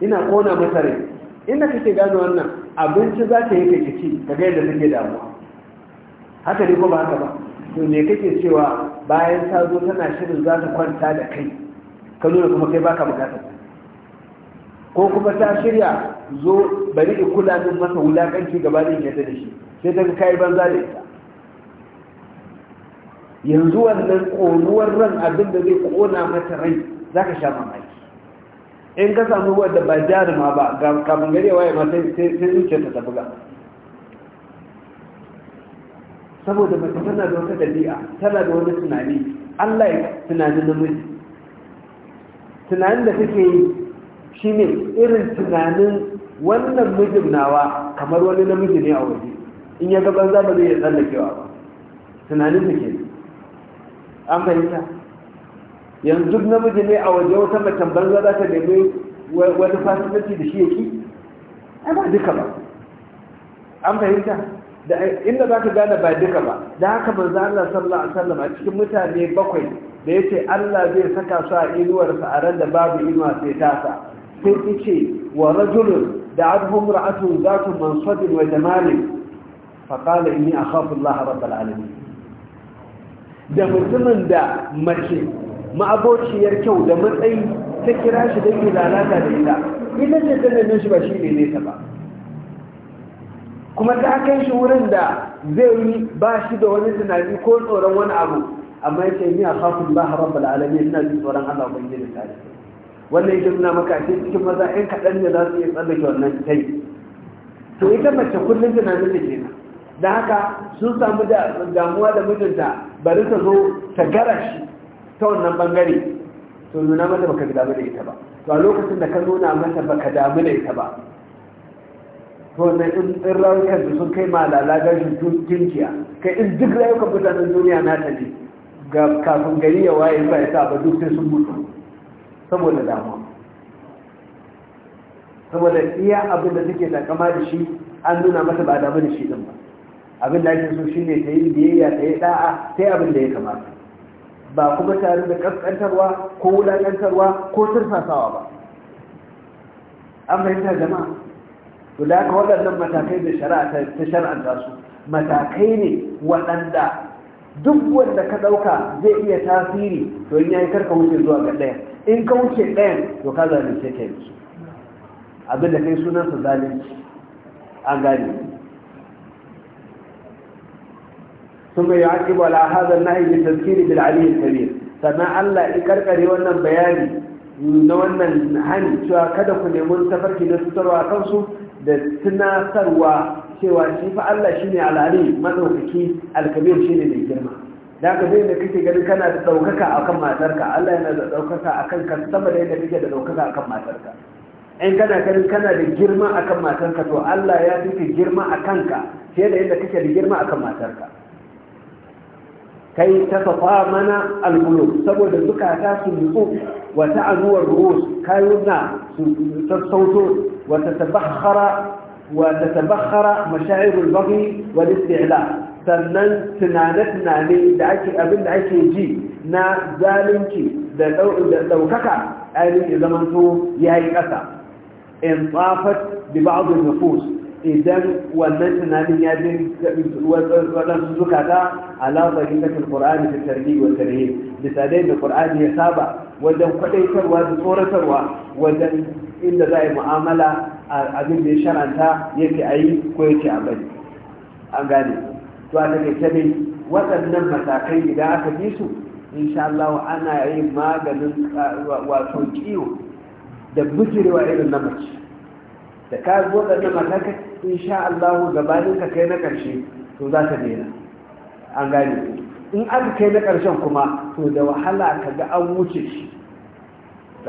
ina kona mata rai inda kake gano wannan abinci za ka yi kake ci ka ga yadda take damuwa haka ne ko ba haka ba to me kake cewa bayan ta zo tana shirin za ta kwanta da kai ka nuna kuma kai baka bukatar ko kuma ta shirya zo bari in kula min masa wulakanci gaba da yadda da shi sai ta kai banza da ita yanzu wannan ƙoruwar ran abin da zai kona mata rai za ka sha mamaki in ka samu wadda ba jaruma ba ga gari gare waye ma sai zuciya ta tafi ga saboda mace tana da wata dabi'a tana da wani tunani Allah ya tunani namiji tunanin da take yi shi ne irin tunanin wannan mijin nawa kamar wani namiji ne a waje in ya ga banza ba zai ya tsallakewa ba tunanin da ke an fahimta yanzu namiji ne a waje wata macen banza za ta nemi wani fasikanci da shi yake ai ba duka ba an fahimta da inda za ka gane ba duka ba da haka manzo Allah sallallahu alaihi wasallam a cikin mutane bakwai da yace Allah zai saka su a inuwarsa a ran da babu inuwa sai sa sai yace wa rajulun da'athu imra'atun zatu mansabin wa jamal fa qala inni akhafu Allah rabbal alamin da mutumin da mace ma'abociyar kyau da matsayi ta kira shi don yi lalata da ita ita ce ta nemi shi ba shi ne nesa ba kuma ta kai shi wurin da zai yi ba shi da wani tunani ko tsoron wani abu amma yake ni a kafin ba haram bala alamin ina jin tsoron Allah ban da tare wannan yake nuna maka ce cikin maza ɗan kaɗan ne za su iya tsallake wannan kai to ita mace kullum tunanin da kenan da haka sun samu damuwa da mijinta bari ta zo ta gara shi ta wannan bangare to nuna mata baka damu da ita ba to a lokacin da ka nuna mata baka damu da ita ba to wannan in rayukan da sun kai malala gashin tunkiya kai in duk rayukan mutanen duniya na ta ne ga kafin gari ya waye ba ya sa ba duk sai sun mutu saboda damuwa saboda iya abin da suke takama da shi an nuna mata ba damu da shi din ba abin da ake so shine ta yi biyayya ta yi da'a sai abin da ya kamata ba kuma tare da kaskantarwa ko wulakantarwa ko turfasawa ba an fahimta jama'a to da aka waɗannan matakai da shari'a ta shar'anta su matakai ne waɗanda duk wanda ka ɗauka zai iya tasiri to in yayi karka wuce zuwa ga ɗaya, in ka wuce ɗayan to ka zalunce ka Abinda abin kai sunansa zalunci an gane ثم يعقب على هذا da aliyu بالعلي الكبير فما الله karkare wannan bayani na wannan hani cewa kada ku nemi tafarki na tutarwa kansu da tunatarwa cewa shi fa Allah shine al'ali madaukaki alkabir shine mai girma da haka zai da kake ganin kana da daukaka akan matarka Allah yana da daukaka akan ka sama da yadda kake da daukaka akan matarka in kana ganin kana da girma akan matarka to Allah ya fi girma a kanka fiye da yadda kake da girma akan matarka كي تتطامن القلوب سبو دكا تاسو نقوم وتعنو الرؤوس كايونا تستوتون وتتبخر وتتبخر مشاعر البغي والاستعلاء sannan tunane-tunane da ake abin da ake ji na zalunci da ɗaukaka ainihin ya zamanto ya yi ƙasa in tsafat da ba'adun nufus idan wannan tunanin ya je waɗansu zukata alaƙari na ƙorani da tarbi wa tarihi bisa dai da ƙur'ani ya saba wajen kwaɗaitarwa da tsoratarwa wajen inda za a yi mu'amala a abin da ya sharanta yake a yi ko yake a bari an gane to a takaice ne waɗannan matakai idan aka bi su insha Allah ana yin maganin wato kiwo da bijirewa irin na mace da ka zo da na mataka insha Allah gabanin ka kai na karshe to za ka daina an gane in aka kai na karshen kuma to da wahala ka ga an wuce shi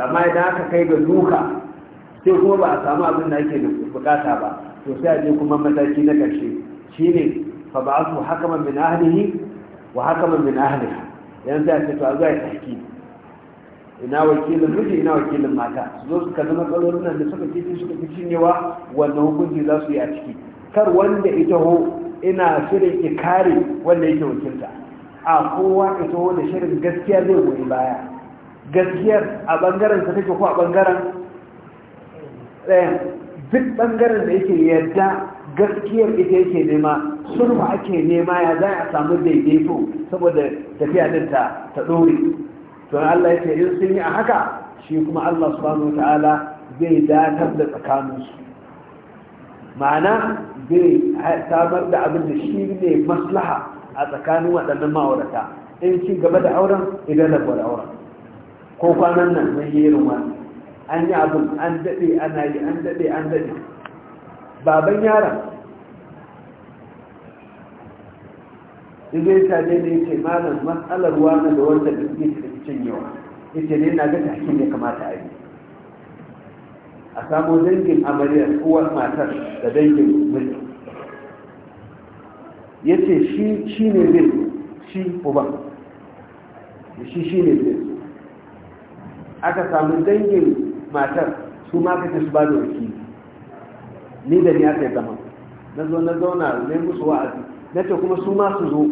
amma idan aka kai ga duka sai kuma ba a samu abin da ake bukata ba to sai a je kuma mataki na karshe shine fa ba'athu hakaman min ahlihi wa hakaman min ahliha yanzu a ce to a zai ya ina wakilin miji ina wakilin mata su zo su zama matsalolin da suka kici suka fi cinyewa wannan hukunci za su yi a ciki kar wanda ita ho ina shirin ki kare wanda yake wakilta a kowa ita ho da shirin gaskiya zai goyi baya gaskiyar a bangaren sa take ko a bangaren ɗayan duk bangaren da yake yadda gaskiyar ita yake nema sulhu ake nema ya za a samu daidaito saboda tafiya ɗin ta ɗore Tun Allah yake in sun yi a haka shi kuma Allah subhanahu ta'ala zai datar da tsakaninsu ma'ana zai samar da abin da shi ne maslaha a tsakanin waɗannan ma'aurata in ci gaba da auren idan da gwada auren ko kwanan nan mun yi irin wani an yi abin an daɗe ana yi an daɗe an daɗe baban yaron idan ya ne ya ce malam matsalar wani da wanda da cinyewa ita ne na ga tashi ya kamata a yi a samu dangin amaryar uwar matar da dangin mulki ya ce shi ne bin shi uban shi shi ne bin aka samu dangin matar su ma kake su ba da wakili ni da ni aka yi zama na zo na zauna ne musu wa'azi na ce kuma su ma su zo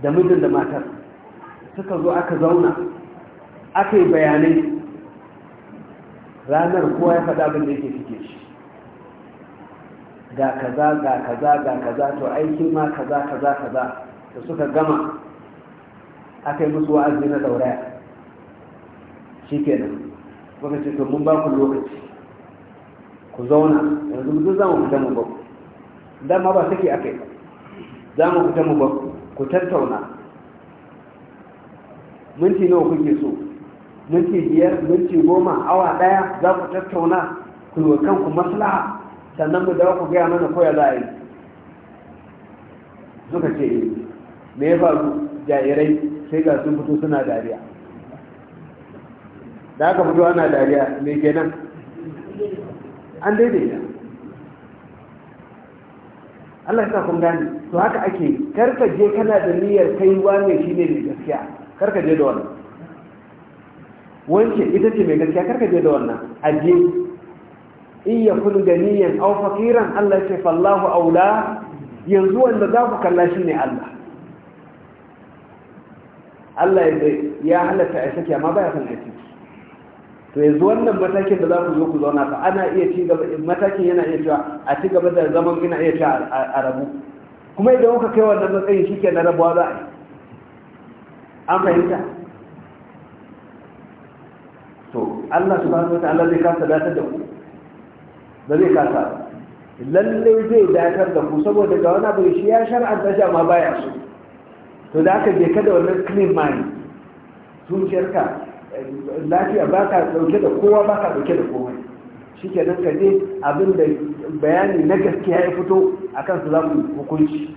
da mijin da matar suka zo aka zauna aka yi bayanai ranar kowa ya faɗa abin da yake fike shi ga kaza ga kaza ga kaza to aikin ma kaza kaza kaza da suka gama aka yi musu wa'azi na dauraya shi kenan kuma ce to mun ba ku lokaci ku zauna yanzu mutum za mu fita mu ba dama ba take yi, za mu fita mu ba ku tattauna minti nawa kuke so minti biyar minti goma awa daya za ku tattauna ku yi kanku maslaha sannan mu dawo ku gaya mana koya za a yi suka ce eh, me ya faru jairai sai ga sun fito suna dariya da aka fito ana dariya mai kenan an daidaita Allah ya sa kun gane to haka ake karka je kana da niyyar kai wa ne shine mai gaskiya karka je da wannan wance ita ce mai gaskiya karka je da wannan aje in ya kun ganiyan aw fakiran Allah ce fallahu aula yanzu wanda za ku kalla shi ne Allah Allah ya halatta a sake amma baya san a ciki to yanzu wannan matakin da za ku zo ku zauna fa ana iya ci gaba matakin yana iya cewa a ci gaba da zaman ina iya cewa a rabu kuma idan kuka kai wannan matsayin shike na rabuwa za a yi an fahimta to Allah su wa allah zai kasa datar da ku da zai kasa lalle zai datar da ku saboda ga wani abu shi ya shar'anta shi amma baya so to da aka je da wannan clean mind shirka lafiya ba ka dauke da kowa ba ka dauke da komai shi ke nan ka je abin da bayani na gaskiya ya fito a kansu za ku hukunci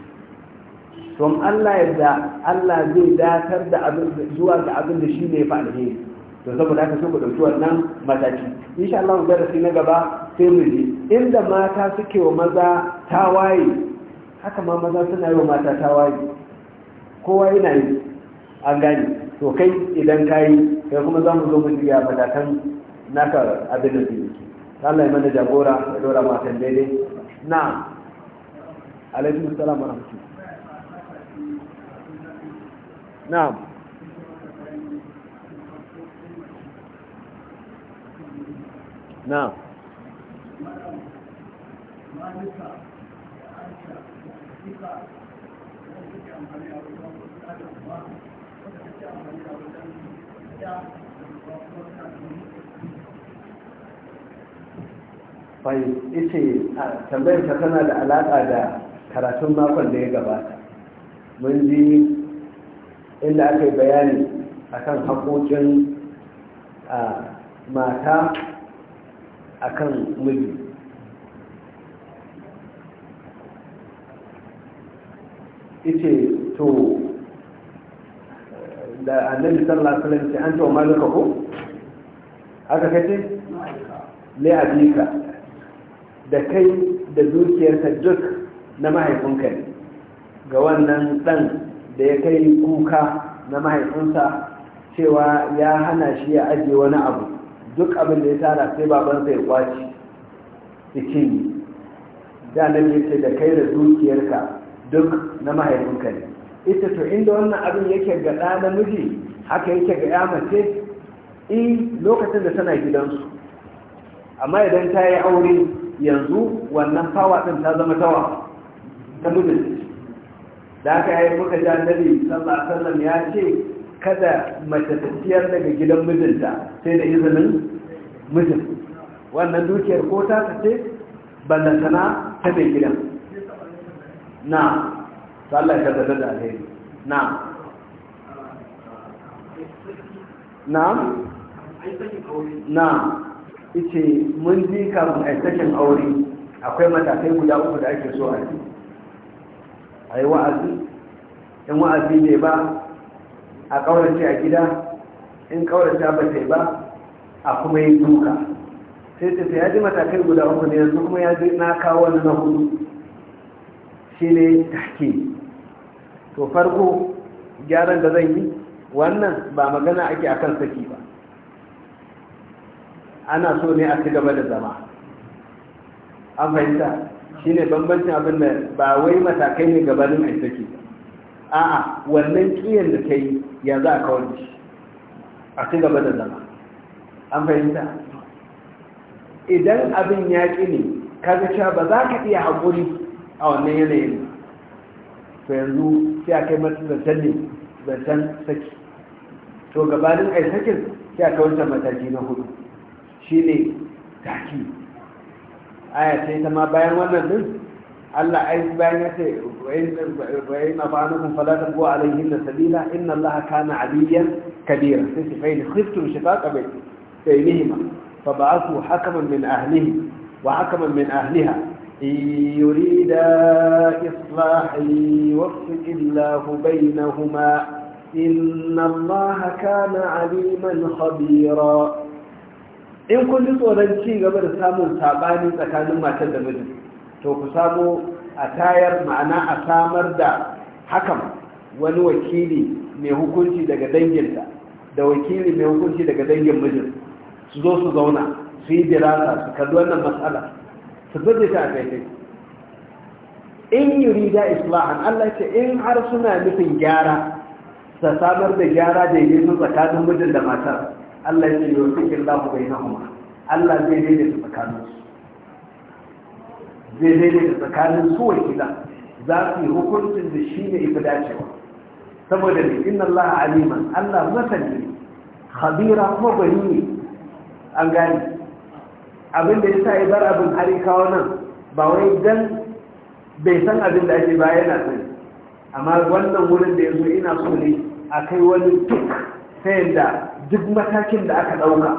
to Allah yadda Allah zai datar da zuwa ga abin da shi ne fa alheri to saboda haka sai ku dauki wannan mataki insha Allah mu darasi na gaba sai mu ji inda mata suke wa maza tawaye haka ma maza suna yi wa mata tawaye kowa yana yi an gani, to kai idan kayi kai kuma za mu zo mu ji matakan naka abin da suke Allah ya mana jagora ya dora matan daidai na alaikum salam wa rahmatullahi نعم نعم fai ita tambayar ta tana da alaƙa da karatun makon da ya gabata mun ji inda aka yi bayani akan haƙoƙin mata akan miji ita to da annabi sallallahu alaihi wasallam an ce wa malika ko aka kace a jika da kai da dukiyarta duk na mahaifinka ga wannan dan da ya kai kuka na mahaifinsa cewa ya hana shi ya ajiye wani abu duk abin da ya tara sai babansa ya kwaci cikin da nan ya ce da kai da dukiyarka duk na mahaifinka ne ita to inda wannan abin yake ga ɗa namiji haka yake ga ya mace in lokacin da tana gidansu amma idan ta yi aure yanzu wannan fawa ɗin ta zama tawa ta mijin da aka yi muka ji annabi sallallahu alaihi wasallam ya ce kada mace ta daga gidan mijinta sai da izinin mijin wannan dukiyar ko ta banda sana ta mai gidan na sallah ka zada da alheri na na na ice mun ji kafin a sakin aure akwai matakai guda uku da ake so a yi a yi wa'azi in wa'azi ne ba a ƙaurace a gida in ƙaurace ba ta ba a kuma yi duka sai ta ya ji matakai guda uku ne yanzu kuma ya ji na kawo wani na hudu shi ne to farko gyaran da zan yi wannan ba magana ake akan saki ba ana so ne a ci gaba da zama an fahimta Shi ne bambancin abin da ba wai matakai ne gabanin ai a a'a wannan kiyan da kai ya za a kawar da shi a ci gaba da zama an fahimta idan abin ya ƙi ne kaga cewa ba za ka iya haƙuri a wannan yanayin to yanzu sai a kai zancen ne zancen saki to gabanin ai sai a kawar wancan mataki na hudu Shi shine taki aya ce ta ma bayan wannan din Allah ai bayan ya ce wa in afa'anukum fala tabu alayhin sabila inna Allah kana aliyan kabira sai ce fa in khiftum shiqaqa bainihima fa ba'athu hakaman min ahlihi wa hakaman min ahliha يريد إصلاحا يوفق الله بينهما إن الله كان عليما خبيرا in kun ji tsoron ci gaba da samun sabani tsakanin matar da mijin to ku samo a tayar ma'ana a samar da hakan wani wakili mai hukunci daga danginta da wakili mai hukunci daga dangin mijin su zo su zauna su yi dirasa su kalli wannan matsala su zurge ta a kai in yurida islahan Allah ce in har suna nufin gyara sa samar da gyara daidai su tsakanin mijin da matar Allah ya ce yau suke lafi bai na kuma Allah zai daidaita tsakanin su zai daidaita tsakanin su kila za su yi hukuncin da shi ne ita dacewa saboda ne inna Allah aliman Allah masani khabira kuma bari ne an gani abin da ya sa ya bar abin hari kawo nan ba wai dan bai san abin da ake ba yana sani amma wannan wurin da ya zo ina so ne a kai wani duk ta yadda duk matakin da aka ɗauka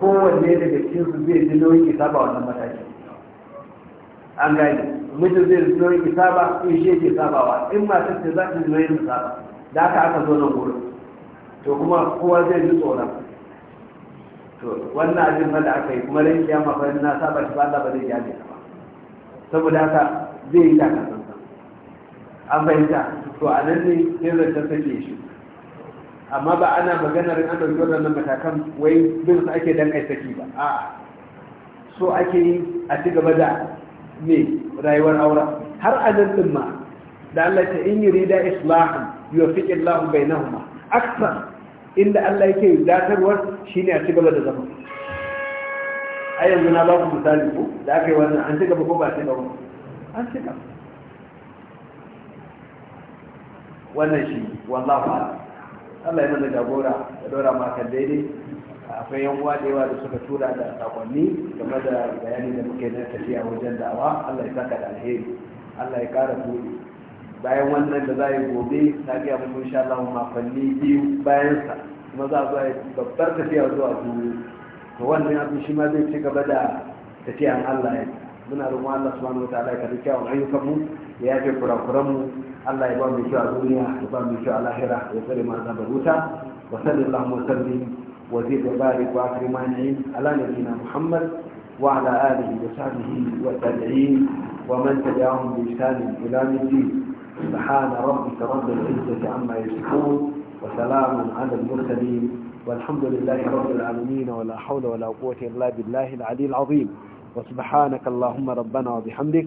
kowanne daga su zai ji nauyin isaba wannan matakin an gani mijin zai ji nauyin isaba in eh, shi yake sabawa in matar ce za ta ji nauyin isaba da aka aka zo nan gurin to kuma kowa zai ji tsoron to wannan abin fa da aka yi kuma rai ya mafa na saba shi ba Allah ba zai kyale ba saboda haka zai yi takasansa an bayyana to a nan ne irin ta take shi amma ba ana maganar an ɗauki waɗannan matakan wai bin su ake dan saki ba a so ake yi a ci gaba da me rayuwar aura har a nan ɗin ma da Allah ta in yi rida islahan yuwafiq Allah bainahuma akthar inda Allah yake datarwar shine a ci gaba da zama a yanzu na ba ku misali ko da aka yi wannan an ci gaba ko ba ci gaba an ci gaba wannan shi wallahu a'lam Allah ya mana jagora da dora maka daidai akwai yan uwa da yawa da suka tura da sakonni game da bayani da muke na tafiya wajen da'awa Allah ya saka da alheri Allah ya kara buɗe bayan wannan da za a yi gobe ta gaya muku insha Allah makonni biyu bayan sa kuma za a zo a babbar tafiya zuwa duniya to wannan abin shi ma zai ci gaba da tafiyan Allah ya muna roƙon Allah subhanahu ta'ala ya karbi kyawun ayyukan mu ya yafe kurakuran mu Allah ya ba mu a duniya ya ba mu shi a lahira ya tsare mu azabar wuta wa sallallahu wa sallim wa zid wa barik wa akrim ala nabiyyina Muhammad wa ala alihi wa sahbihi wa tabi'in wa man tabi'ahum bi ihsan ila yawm سبحان ربك رب العزة عما يصفون وسلام على المرسلين والحمد لله رب العالمين ولا حول ولا قوة إلا بالله العلي العظيم وسبحانك اللهم ربنا وبحمدك